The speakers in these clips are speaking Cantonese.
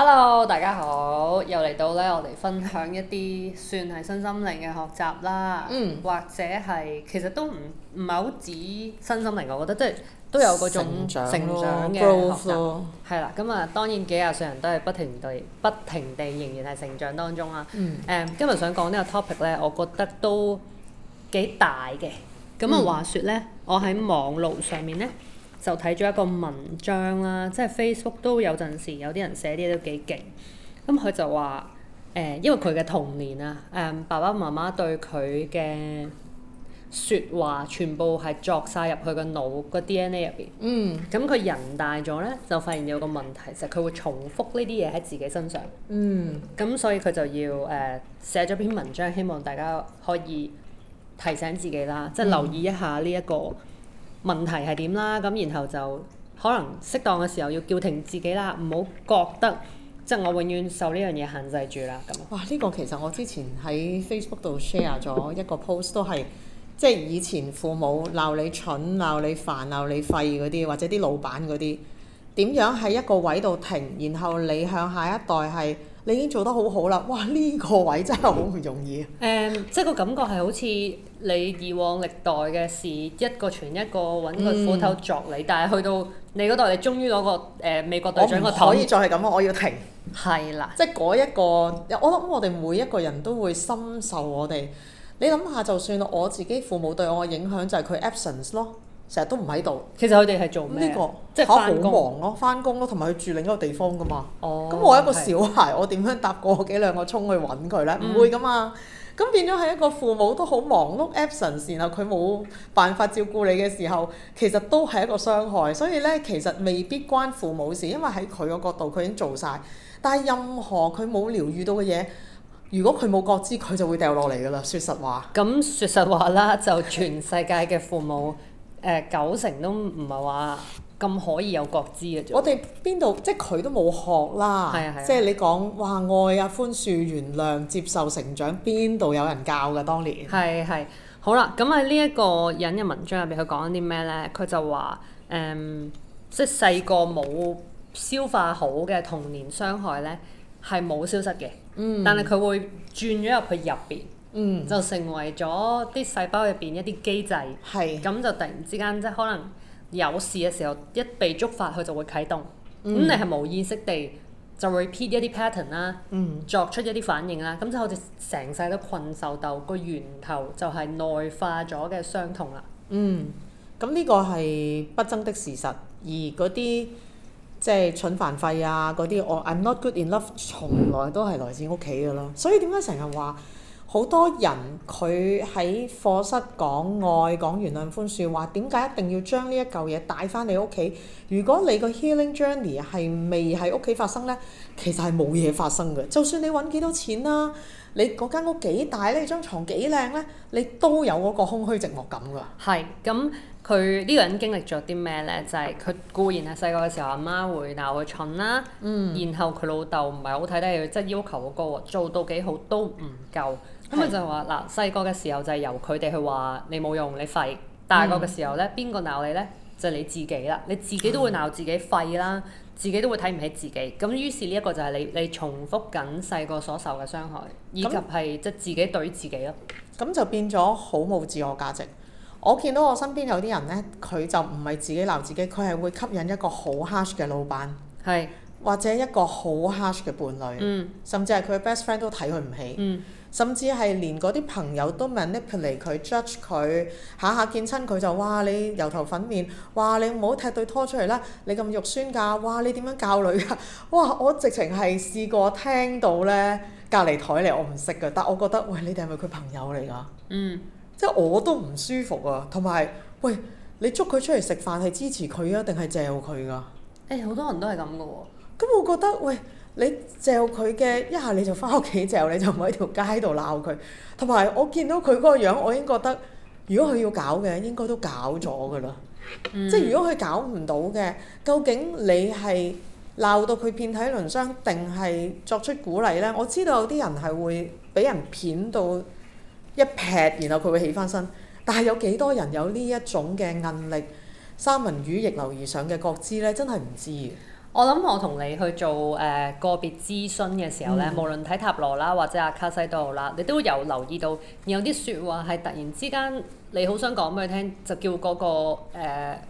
Hello，大家好，又嚟到咧，我哋分享一啲算係身心靈嘅學習啦，嗯、或者係其實都唔唔係好指身心靈，我覺得即係都有嗰種成長嘅學習，係啦，咁啊了當然幾廿歲人都係不停地不停地仍然係成長當中啊。誒、嗯嗯，今日想講呢個 topic 咧，我覺得都幾大嘅。咁啊話說咧，嗯、我喺網路上面咧，就睇咗一個文章啦、啊，即係 Facebook 都有陣時有啲人寫啲嘢都幾勁。咁、嗯、佢就話誒、呃，因為佢嘅童年啊，誒、嗯、爸爸媽媽對佢嘅説話，全部係作晒入佢嘅腦個 DNA 入邊。嗯。咁佢、嗯、人大咗咧，就發現有個問題，就係、是、佢會重複呢啲嘢喺自己身上。嗯。咁、嗯、所以佢就要誒、呃、寫咗篇文章，希望大家可以提醒自己啦，即係留意一下呢、這、一個。嗯問題係點啦？咁然後就可能適當嘅時候要叫停自己啦，唔好覺得即係、就是、我永遠受呢樣嘢限制住啦。咁哇，呢、這個其實我之前喺 Facebook 度 share 咗一個 post 都係，即係以前父母鬧你蠢、鬧你煩、鬧你廢嗰啲，或者啲老闆嗰啲，點樣喺一個位度停，然後你向下一代係。你已經做得好好啦，哇！呢個位真係好唔容易。誒，即係個感覺係好似你以往歷代嘅事，一個傳一個，揾個斧頭鑿你，嗯、但係去到你嗰代，你終於攞個誒美國隊長個頭。我唔可以再係咁，我要停。係啦，即係嗰一個，我諗我哋每一個人都會深受我哋。你諗下，就算我自己父母對我嘅影響，就係佢 absence 咯。成日都唔喺度，其實佢哋係做咩？呢、呢個即係翻工好忙咯、啊，翻工咯，同埋佢住另一個地方噶嘛。哦。咁我一個小孩，是我點樣搭過幾兩個鐘去揾佢呢？唔、嗯、會噶嘛。咁變咗係一個父母都好忙碌、啊、absence，然後佢冇辦法照顧你嘅時候，其實都係一個傷害。所以呢，其實未必關父母事，因為喺佢嘅角度，佢已經做晒。但係任何佢冇療愈到嘅嘢，如果佢冇覺知，佢就會掉落嚟噶啦。說實話。咁說實話啦，就全世界嘅父母。 誒、呃、九成都唔係話咁可以有覺知嘅。我哋邊度即係佢都冇學啦，係啊，係啊，即係你講話愛啊、寬恕、原諒、接受、成長，邊度有人教㗎？當年係係好啦，咁喺呢一個引入文章入邊，佢講啲咩咧？佢就話誒、嗯，即係細個冇消化好嘅童年傷害咧，係冇消失嘅，嗯、但係佢會轉咗入去入邊。嗯，mm. 就成為咗啲細胞入邊一啲機制，咁是就突然之間即係可能有事嘅時候，一被觸發佢就會啟動。咁、mm. 你係無意識地就 repeat 一啲 pattern 啦，mm. 作出一啲反應啦。咁就好似成世都困獸鬥，個源頭就係內化咗嘅傷痛啦。Mm. 嗯，咁呢個係不爭的事實，而嗰啲即係蠢煩費啊，嗰啲我 I'm not good enough 從來都係來自屋企嘅咯。所以點解成日話，好多人佢喺課室講愛、講原諒、寬恕話，話點解一定要將呢一嚿嘢帶翻你屋企？如果你個 healing journey 係未喺屋企發生呢，其實係冇嘢發生嘅。就算你揾幾多錢啦、啊，你嗰間屋幾大呢，張床幾靚呢，你都有嗰個空虛寂寞感㗎。係，咁佢呢個人經歷咗啲咩呢？就係、是、佢固然係細個嘅時候媽媽，阿媽會鬧佢蠢啦，然後佢老豆唔係好睇得佢，即係要求好高喎，做到幾好都唔夠。咁咪就係話，嗱細個嘅時候就係由佢哋去話你冇用，你廢；大個嘅時候咧，邊個鬧你咧？就係、你自己啦，你自己都會鬧自己廢啦，嗯、自己都會睇唔起自己。咁於是呢一個就係你你重複緊細個所受嘅傷害，以及係即係自己對自己咯。咁就變咗好冇自我價值。我見到我身邊有啲人咧，佢就唔係自己鬧自己，佢係會吸引一個好 hush 嘅老闆。係。或者一個好 harsh 嘅伴侶，甚至係佢嘅 best friend 都睇佢唔起，甚至係連嗰啲朋友都 manipulate 佢 judge 佢，下下見親佢就哇你油頭粉面，哇你唔好踢對拖出嚟啦，你咁肉酸㗎，哇你點樣教女㗎？哇我直情係試過聽到咧隔離枱嚟我唔識㗎，但我覺得喂你哋係咪佢朋友嚟㗎？嗯，即係我都唔舒服啊，同埋喂你捉佢出嚟食飯係支持佢啊定係借佢㗎？誒好多人都係咁㗎喎。咁我覺得，喂，你嚼佢嘅一下你，你就翻屋企嚼，你就咪喺條街度鬧佢。同埋我見到佢嗰個樣，我已經覺得，如果佢要搞嘅，應該都搞咗㗎喇。嗯、即係如果佢搞唔到嘅，究竟你係鬧到佢遍體鱗傷，定係作出鼓勵呢？我知道有啲人係會俾人騙到一劈，然後佢會起翻身。但係有幾多人有呢一種嘅韌力，三文魚逆流而上嘅覺知呢，真係唔知。我諗我同你去做誒、呃、個別諮詢嘅時候咧，嗯、無論睇塔羅啦或者阿卡西檔案啦，你都有留意到有啲説話係突然之間你好想講俾佢聽，就叫嗰、嗰個案、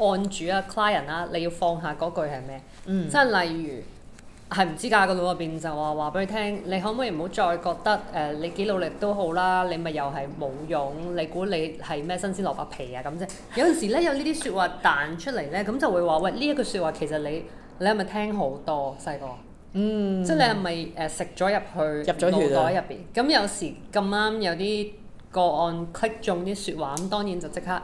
呃、主啊 client 啦，你要放下嗰句係咩？嗯、即係例如係唔知㗎，個腦入邊就話話俾佢聽，你可唔可以唔好再覺得誒、呃、你幾努力都好啦，你咪又係冇用，你估你係咩新鮮蘿蔔皮啊咁啫？ 有陣時咧，有呢啲説話彈出嚟咧，咁就會話，喂，呢一句説話其實你。你係咪聽好多細個？嗯，即係你係咪誒食咗入去入咗腦袋入邊？咁有時咁啱有啲個案 click 中啲説話，咁當然就即刻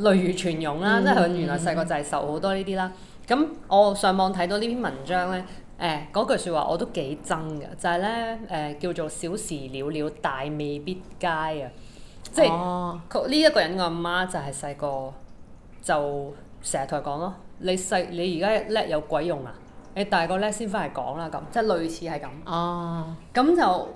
淚如泉湧啦。即係、嗯、原來細個就係受好多呢啲啦。咁、嗯、我上網睇到呢篇文章咧，誒、欸、句説話我都幾憎嘅，就係咧誒叫做小時了了，大未必佳啊。哦、即係呢一個人嘅阿媽，媽就係細個就成日同佢講咯。你細你而家叻有鬼用啊！你大個叻先翻嚟講啦，咁即係類似係咁。啊。咁就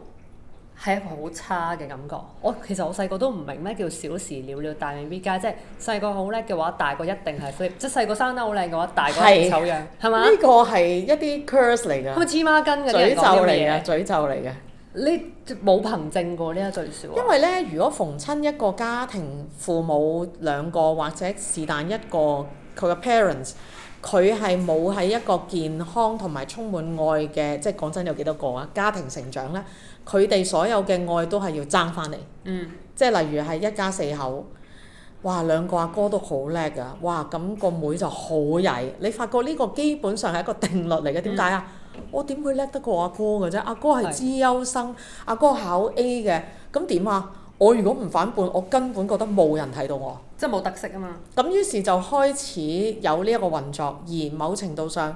係一個好差嘅感覺。我其實我細個都唔明咩叫小時了了，大未必佳，即係細個一好叻嘅話，大個一定係，即係細個生得好靚嘅話，大個唔醜樣係嘛？呢個係一啲 curse 嚟嘅，咁啊，芝麻根嘅嘢講詛咒嚟啊！詛咒嚟嘅。你冇憑證過呢？最少。因為咧，如果逢親一個家庭父母兩個，或者是但一個。 佢嘅 parents，佢係冇喺一個健康同埋充滿愛嘅，即係講真有幾多個啊？家庭成長呢，佢哋所有嘅愛都係要爭翻嚟。嗯。即係例如係一家四口，哇兩個阿哥都好叻㗎，哇咁個妹，妹就好曳。你發覺呢個基本上係一個定律嚟嘅，點解啊？嗯、我點會叻得過阿哥㗎啫？阿哥係資優生，阿哥考 A 嘅，咁點啊？我如果唔反叛，我根本覺得冇人睇到我，即係冇特色啊嘛。咁於是就開始有呢一個運作，而某程度上，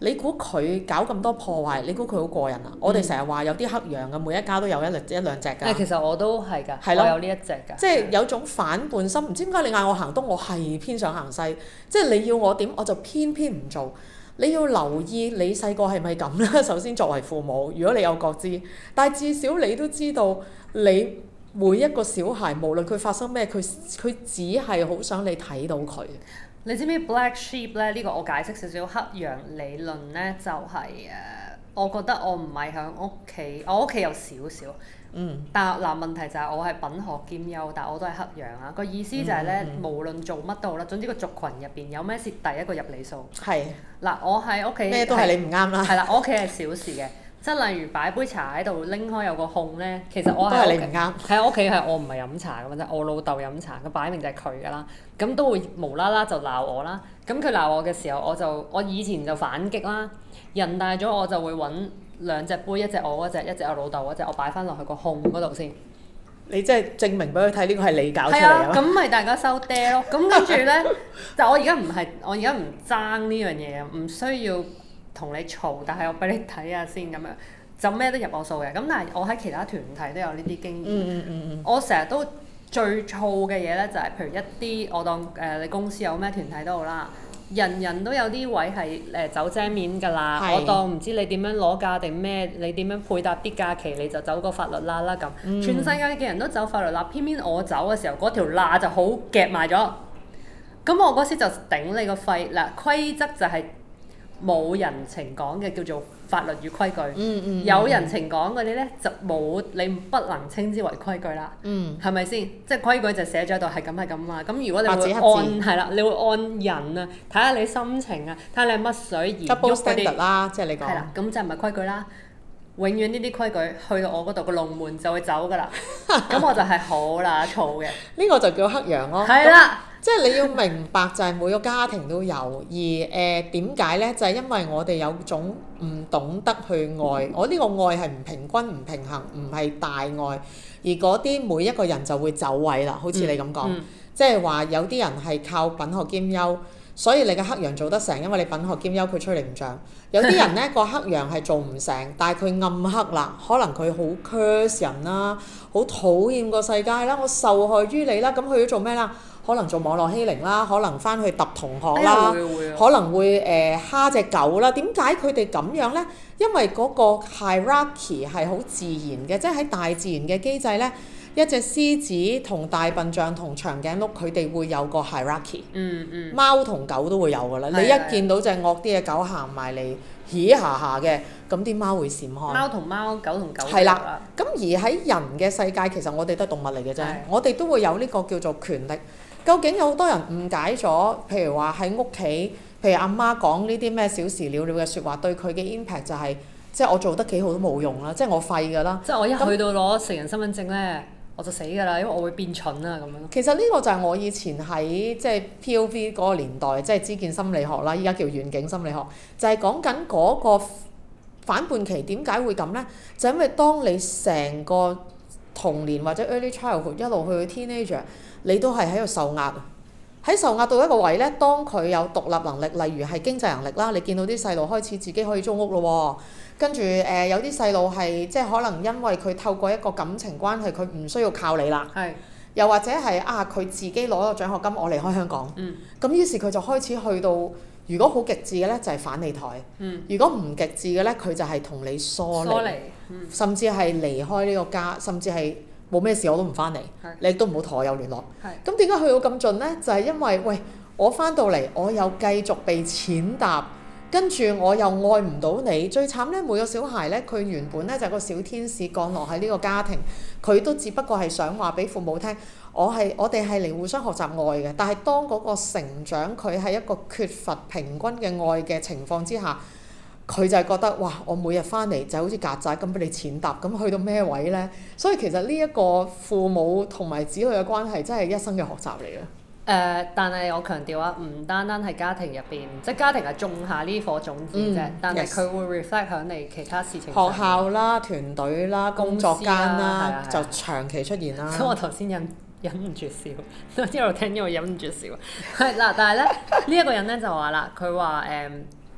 你估佢搞咁多破壞，你估佢好過癮啊？嗯、我哋成日話有啲黑羊嘅，每一家都有一兩一兩隻㗎。其實我都係㗎，咯我有呢一隻㗎。即係有種反叛心，唔的知點解你嗌我行東，我係偏想行西。即係你要我點，我就偏偏唔做。你要留意你細個係咪咁啦。首先作為父母，如果你有覺知，但係至少你都知道你。你每一個小孩，無論佢發生咩，佢佢只係好想你睇到佢。你知唔知 Black Sheep 咧？呢個我解釋少少黑羊理論呢，就係誒，我覺得我唔係喺屋企，我屋企有少少。嗯。但嗱問題就係我係品學兼優，但我都係黑羊啊！個意思就係呢，嗯嗯無論做乜都好啦，總之個族群入邊有咩事，第一個入你數。係。嗱，我喺屋企。咩都係你唔啱啦。係啦，我屋企係小事嘅。 即係例如擺杯茶喺度拎開有個控咧，其實我都係你唔啱。喺，喺我屋企係我唔係飲茶嘅啫，我老豆飲茶，佢擺明就係佢㗎啦。咁都會無啦啦就鬧我啦。咁佢鬧我嘅時候，我就，我以前就反擊啦。人大咗我就會揾兩隻杯，一隻我嗰隻，一隻我老豆嗰隻，我擺翻落去個控嗰度先。你即係證明俾佢睇呢個係你搞出嚟啊！咁咪大家收爹咯。咁跟住咧， 就我而家唔係，我而家唔爭呢樣嘢，唔需要。同你嘈，但係我俾你睇下先咁樣，就咩都入我數嘅。咁但係我喺其他團體都有呢啲經驗。嗯嗯、我成日都最燥嘅嘢呢，就係、是、譬如一啲我當誒、呃、你公司有咩團體都好啦，人人都有啲位係誒、呃、走遮面㗎啦。是我當唔知你點樣攞假定咩，你點樣配搭啲假期，你就走個法律罅啦咁。嗯、全世界嘅人都走法律罅，偏偏我走嘅時候，嗰條罅就好夾埋咗。咁我嗰時就頂你個肺嗱，規則就係、是。冇人情講嘅叫做法律與規矩，有人情講嗰啲咧就冇，你不能稱之為規矩啦，係咪先？即係規矩就寫咗喺度，係咁係咁啊！咁如果你會按係啦，你會按人啊，睇下你心情啊，睇下你乜水而喐啦，即係你講。係啦，咁即係唔係規矩啦。永遠呢啲規矩去到我嗰度個龍門就會走㗎啦。咁我就係好乸嘈嘅。呢個就叫黑羊咯。係啦。即係你要明白，就係每個家庭都有，而誒點解呢？就係因為我哋有種唔懂得去愛，我呢個愛係唔平均、唔平衡、唔係大愛，而嗰啲每一個人就會走位啦。好似你咁講，即係話有啲人係靠品學兼優，所以你嘅黑羊做得成，因為你品學兼優，佢吹你唔漲。有啲人呢個黑羊係做唔成，但係佢暗黑啦，可能佢好 curse 人啦，好討厭個世界啦，我受害於你啦，咁佢要做咩啦？可能做網絡欺凌啦，可能翻去揼同學啦，哎啊啊、可能會誒蝦隻狗啦。點解佢哋咁樣呢？因為嗰個 hierarchy 係好自然嘅，即係喺大自然嘅機制呢，一隻獅子同大笨象同長頸鹿佢哋會有個 hierarchy、嗯。嗯。貓同狗都會有㗎啦。的你一見到一隻惡啲嘅狗行埋嚟，嘻下下嘅，咁啲貓會閃開。貓同貓，狗同狗。係啦。咁而喺人嘅世界，其實我哋都係動物嚟嘅啫，我哋都會有呢個叫做權力。究竟有好多人誤解咗，譬如話喺屋企，譬如阿媽講呢啲咩小事了了嘅説話，對佢嘅 impact 就係即係我做得幾好都冇用啦，即係我廢㗎啦。即係我一去到攞成人身份證呢，我就死㗎啦，因為我會變蠢啦咁樣。其實呢個就係我以前喺即係 P.O.V. 嗰個年代，即係知見心理學啦，依家叫遠景心理學，就係講緊嗰個反叛期點解會咁呢？就因為當你成個童年或者 early childhood 一路去到 teenager。你都係喺度受壓，喺受壓到一個位呢，當佢有獨立能力，例如係經濟能力啦，你見到啲細路開始自己可以租屋咯喎。跟住誒、呃，有啲細路係即係可能因為佢透過一個感情關係，佢唔需要靠你啦。係。又或者係啊，佢自己攞個獎學金，我離開香港。嗯。咁於是佢就開始去到，如果好極致嘅呢，就係、係、反你台。嗯。如果唔極致嘅呢，佢就係同你疏離。疏離。嗯。甚至係離開呢個家，甚至係。冇咩事我都唔翻嚟，的你都唔好同我有聯絡。咁點解去到咁盡呢？就係因為，喂，我翻到嚟，我又繼續被踐踏，跟住我又愛唔到你。最慘呢，每個小孩呢，佢原本呢，就係個小天使降落喺呢個家庭，佢都只不過係想話俾父母聽，我係我哋係嚟互相學習愛嘅。但係當嗰個成長佢喺一個缺乏平均嘅愛嘅情況之下。佢就係覺得哇，我每日翻嚟就好似曱甴咁俾你踐踏，咁去到咩位呢？所以其實呢一個父母同埋子女嘅關係，真係一生嘅學習嚟嘅。誒，但係我強調啊，唔單單係家庭入邊，即係家庭係種下呢顆種子啫。但係佢會 reflect 響你其他事情。學校啦、啊、團隊啦、啊、工作間啦，就長期出現啦。咁我頭先忍忍唔住笑， 我 anyway, 因為一路聽一路忍唔住笑。係啦，但係咧呢一個人咧就話啦，佢話誒，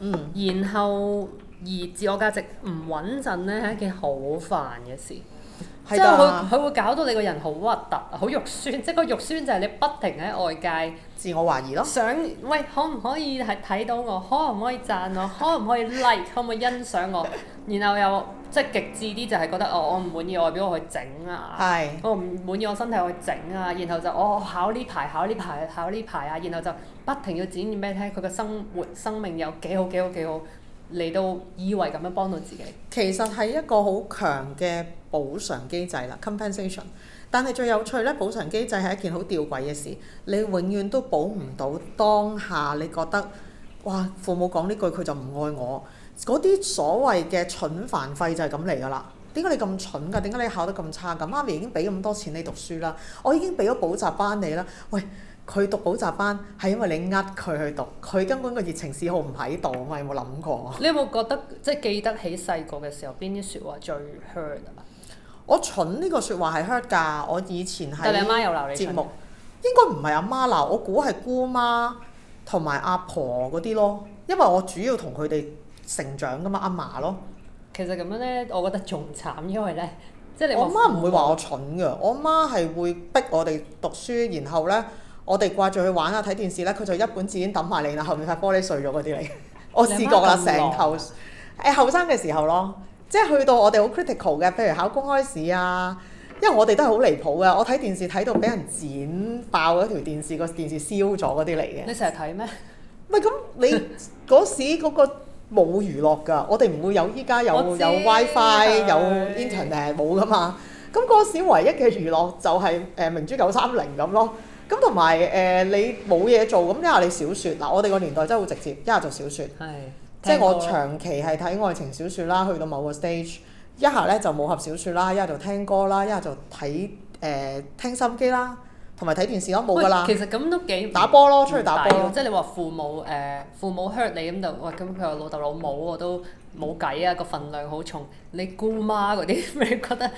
嗯，然後而自我價值唔穩陣咧，係一件好煩嘅事。即係佢，佢會搞到你個人好核突，好肉酸。即係個肉酸就係你不停喺外界自我懷疑咯。想喂，可唔可以係睇到我？可唔可以讚我？ 可唔可以 like？可唔可以欣賞我？ 然後又即係極致啲，就係、是、覺得哦，我唔滿意外表我去整啊。係是。我唔滿意我身體，去整啊！然後就我考呢排，考呢排，考呢排啊！然後就不停要展現畀你聽，佢嘅生活、生命有幾好，幾好，幾好，嚟到以為咁樣幫到自己。 其實係一個好強嘅。補償機制啦，compensation。但係最有趣咧，補償機制係一件好吊詭嘅事。你永遠都補唔到當下，你覺得哇，父母講呢句佢就唔愛我。嗰啲所謂嘅蠢煩費就係咁嚟㗎啦。點解你咁蠢㗎？點解你考得咁差㗎？媽咪已經俾咁多錢你讀書啦，我已經俾咗補習班你啦。喂，佢讀補習班係因為你呃佢去讀，佢根本個熱情嗜好唔喺度啊嘛。有冇諗過？你有冇覺得即係記得起細個嘅時候邊啲説話最 hurt 啊？我蠢呢個説話係 hurt 㗎，我以前係，但你阿媽又鬧你。節目、嗯、應該唔係阿媽鬧，我估係姑媽同埋阿婆嗰啲咯，因為我主要同佢哋成長噶嘛，阿嫲咯。其實咁樣咧，我覺得仲慘，因為咧，即、就是、你說我阿媽唔會話我蠢㗎，我阿媽係會逼我哋讀書，然後咧我哋掛住去玩啊睇電視咧，佢就一本字典揼埋你啦，後面塊玻璃碎咗嗰啲嚟。我試過啦，成頭誒後生嘅時候咯。即係去到我哋好 critical 嘅，譬如考公開試啊，因為我哋都係好離譜嘅。我睇電視睇到俾人剪爆嗰條電視，個電視燒咗嗰啲嚟嘅。你成日睇咩？唔係咁，你嗰時嗰個冇娛樂㗎， 我哋唔會有依家有有 WiFi 有 Internet 冇㗎嘛。咁嗰時唯一嘅娛樂就係、是、誒、呃、明珠九三零咁咯。咁同埋誒你冇嘢做，咁因為你小説。嗱我哋個年代真係好直接，一日做小説。係。即係我長期係睇愛情小説啦，去到某個 stage，一下咧就武俠小説啦，一下就聽歌啦，一下就睇誒、呃、聽收音機啦，同埋睇電視都冇㗎啦。其實咁都幾打波咯，出去打波大。即係你話父母誒、呃、父母 hurt 你咁就喂，咁佢話老豆老母我都冇計啊，個份量好重，你姑媽嗰啲咩覺得？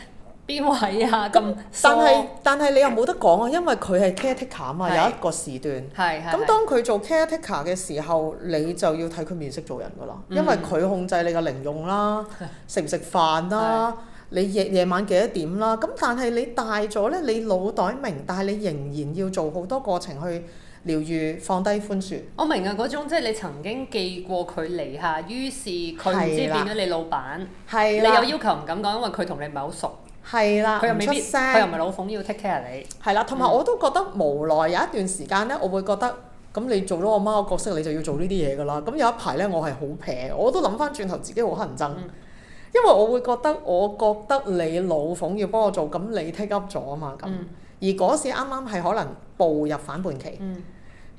邊位啊？咁，但係但係你又冇得講啊，因為佢係 caretaker 啊嘛，是有一個時段。係係是。咁當佢做 caretaker 嘅時候，你就要睇佢面色做人噶啦，嗯、因為佢控制你嘅零用啦，食唔食飯啦，的你夜夜晚幾多點啦？咁但係你大咗咧，你腦袋明，但係你仍然要做好多過程去療愈、放低寬恕。我明啊，嗰種即係你曾經寄過佢籬下，於是佢唔知變咗你老闆，你有要求唔敢講，因為佢同你唔係好熟。係啦，佢、嗯、又未出聲，佢又唔係老奉要 take care 你。係啦，同埋我都覺得無奈，有一段時間咧，我會覺得咁、嗯、你做咗我媽個角色，你就要做呢啲嘢㗎啦。咁有一排咧，我係好撇，我都諗翻轉頭自己好乞人憎，嗯、因為我會覺得，我覺得你老奉要幫我做，咁你 take up 咗啊嘛咁。嗯、而嗰時啱啱係可能步入反叛期。嗯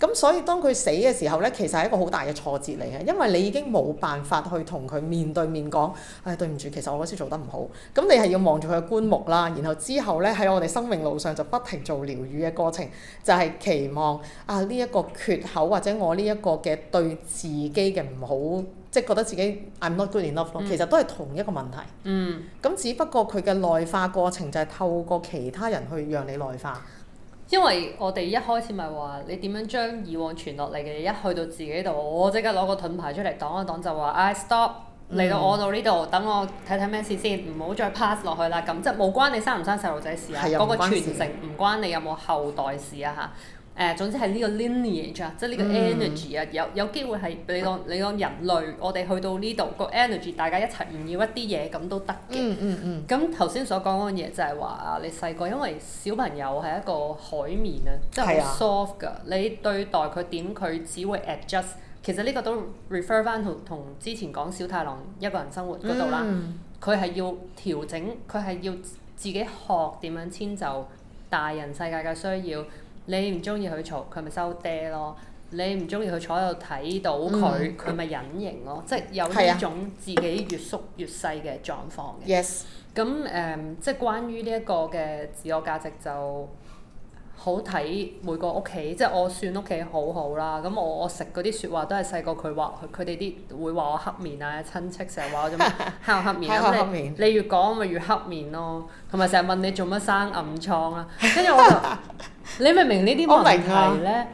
咁所以當佢死嘅時候咧，其實係一個好大嘅挫折嚟嘅，因為你已經冇辦法去同佢面對面講，唉、哎、對唔住，其實我嗰時做得唔好。咁你係要望住佢嘅棺木啦，然後之後咧喺我哋生命路上就不停做療癒嘅過程，就係、是、期望啊呢一、這個缺口或者我呢一個嘅對自己嘅唔好，即係覺得自己 I'm not good enough、嗯、其實都係同一個問題。嗯。咁只不過佢嘅內化過程就係透過其他人去讓你內化。因為我哋一開始咪話，你點樣將以往傳落嚟嘅嘢，一去到自己度，我即刻攞個盾牌出嚟擋一擋就，就話 I stop 嚟到我度呢度，嗯、等我睇睇咩事先，唔好再 pass 落去啦。咁即係冇關你生唔生細路仔事啊，嗰的個傳承唔關你有冇後代事啊嚇。關誒、呃，總之係呢個 lineage 啊，即係呢個 energy 啊、嗯，有有機會係你講你講人類，嗯、我哋去到呢度個 energy，大家一齊唔要一啲嘢咁都得嘅、嗯。嗯嗯咁頭先所講嗰樣嘢就係話啊，你細個因為小朋友係一個海綿、嗯、啊，即係好 soft 噶。你對待佢點佢只會 adjust。其實呢個都 refer 翻到同之前講小太郎一個人生活嗰度啦。佢係、嗯、要調整，佢係要自己學點樣遷就大人世界嘅需要。你唔中意佢嘈，佢咪收爹咯；你唔中意佢坐喺度睇到佢，佢咪、嗯、隱形咯。嗯、即係有呢種自己越縮越細嘅狀況嘅。Yes、啊。咁誒、嗯，即係關於呢一個嘅自我價值就～好睇每個屋企，即係我算屋企好好啦。咁我我食嗰啲説話都係細個佢話佢哋啲會話我黑面啊，親戚成日話我做咩 黑我黑面啊！你你越講咪越黑面咯，同埋成日問你做乜生暗瘡啊！跟住我就 你明唔明呢啲問題咧？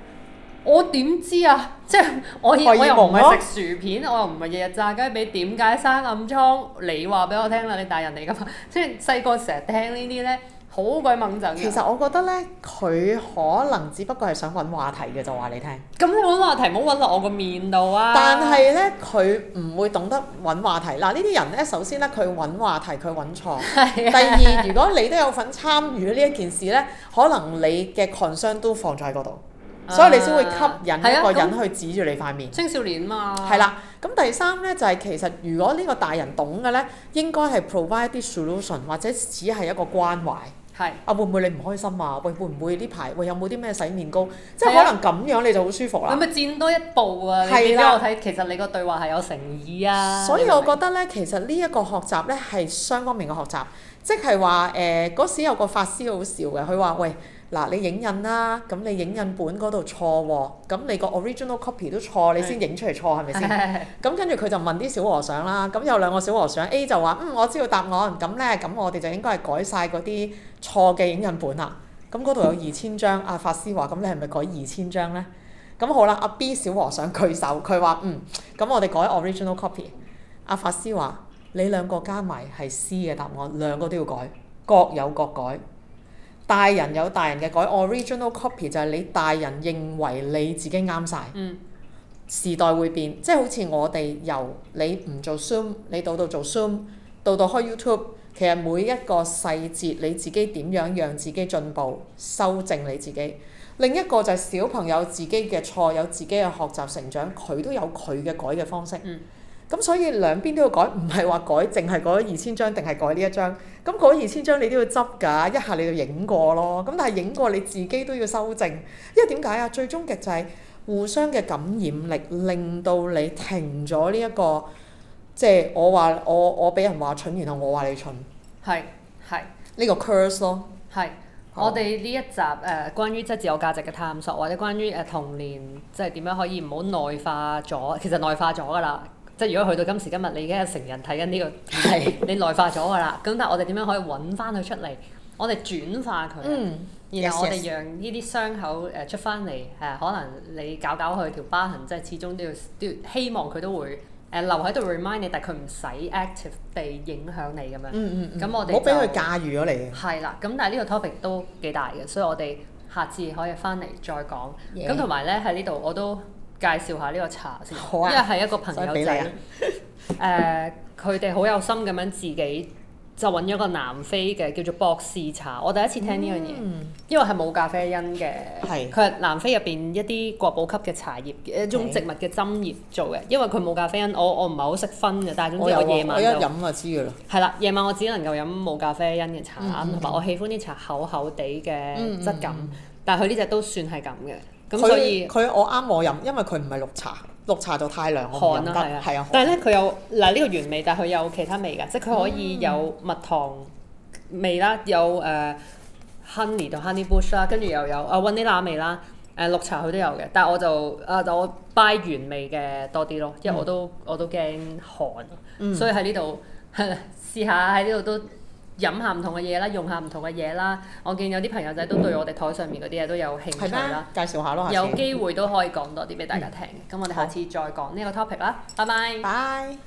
我點知啊？即係我我以為我又唔係食薯片，我又唔係日日炸雞髀，點解生暗瘡？你話俾我聽啦！你大人嚟㗎嘛？即係細個成日聽呢啲咧。好鬼掹，其實我覺得咧，佢可能只不過係想揾話題嘅，就話你聽。咁你揾話題，唔好揾落我個面度啊！但係咧，佢唔會懂得揾話題。嗱，呢啲人咧，首先咧，佢揾話題佢揾錯。啊、第二，如果你都有份參與呢一件事咧，可能你嘅 concern 都放在喺嗰度，啊、所以你先會吸引一個人、啊、去指住你塊面。青少年嘛。係啦、啊，咁第三咧就係、係、其實如果呢個大人懂嘅咧，應該係 provide 啲 solution 或者只係一個關懷。係，是啊會唔會你唔開心啊？喂，會唔會呢排喂有冇啲咩洗面膏？啊、即係可能咁樣你就好舒服啦。咁咪佔多一步啊！啊你俾我睇，其實你個對話係有誠意啊。所以我覺得咧，嗯、其實呢一個學習咧係雙方面嘅學習，即係話誒嗰時有個法師好笑嘅，佢話喂。嗱，你影印啦，咁你影印本嗰度錯喎、哦，咁你個 original copy 都錯，你先影出嚟錯係咪是先？咁 跟住佢就問啲小和尚啦，咁有兩個小和尚 A 就話：嗯，我知道答案，咁呢，咁我哋就應該係改晒嗰啲錯嘅影印本啦。咁嗰度有二千張，阿、 啊、法師話：咁你係咪改二千張呢？咁好啦，阿 B 小和尚舉手，佢話：嗯，咁我哋改 original copy、啊。阿法師話：你兩個加埋係 C 嘅答案，兩個都要改，各有各改。大人有大人嘅改，original copy 就係你大人認為你自己啱晒。嗯、時代會變，即係好似我哋由你唔做 Zoom，你到到做 Zoom，到到開 YouTube，其實每一個細節你自己點樣讓自己進步、修正你自己。另一個就係小朋友自己嘅錯，有自己嘅學習成長，佢都有佢嘅改嘅方式。嗯咁所以兩邊都要改，唔係話改淨係改二千張定係改呢一張。咁改二千張你都要執㗎，一下你就影過咯。咁但係影過你自己都要修正，因為點解啊？最終極就係互相嘅感染力，令到你停咗呢一個，即係我話我我俾人話蠢，然後我話你蠢。係係。呢個 curse 咯。係，好，我哋呢一集誒、呃，關於即係自我價值嘅探索，或者關於誒童年，即係點樣可以唔好內化咗？其實內化咗㗎啦。即係如果去到今時今日，你已經係成人睇緊呢個，係 你內化咗㗎啦。咁但係我哋點樣可以揾翻佢出嚟？我哋轉化佢，嗯、然後、嗯、我哋讓呢啲傷口誒、呃、出翻嚟。誒、呃、可能你搞搞佢條疤痕，即係始終都要都希望佢都會誒、呃、留喺度 remind 你，但係佢唔使 active 地影響你咁樣。嗯咁、嗯、我哋唔好俾佢駕馭咗你。係啦，咁但係呢個 topic 都幾大嘅，所以我哋下次可以翻嚟再講。咁同埋咧喺呢度我都，介紹下呢個茶先，好啊、因為係一個朋友仔。誒，佢哋好有心咁樣自己就揾咗個南非嘅叫做博士茶。我第一次聽呢樣嘢，嗯、因為係冇咖啡因嘅。係是。佢係南非入邊一啲國寶級嘅茶葉嘅一種植物嘅針葉做嘅，是因為佢冇咖啡因。我我唔係好識分嘅，但係總之我夜晚我有、啊、我一飲就，就知㗎啦。係啦，夜晚我只能夠飲冇咖啡因嘅茶，同埋、嗯嗯、我喜歡啲茶厚厚哋嘅質感，嗯嗯、但係佢呢隻都算係咁嘅。咁、嗯、它所以佢我啱我飲，因為佢唔係綠茶，綠茶就太涼，我唔得。係啊，的寒但係咧佢有嗱呢、這個原味，但係佢有其他味㗎，即係佢可以有蜜糖味啦，嗯、有誒、呃、honey 同 honey bush 啦，跟住又有啊 vanilla 味啦，誒、呃、綠茶佢都有嘅。但係我就啊就、呃、我 buy 原味嘅多啲咯，因為我都、嗯、我都驚寒，嗯、所以喺呢度試下喺呢度都。飲下唔同嘅嘢啦，用下唔同嘅嘢啦。我見有啲朋友仔都對我哋台上面嗰啲嘢都有興趣啦。介紹下咯，下次有機會都可以講多啲俾大家聽。咁、嗯、我哋下次再講呢個 topic 啦。好拜拜。Bye.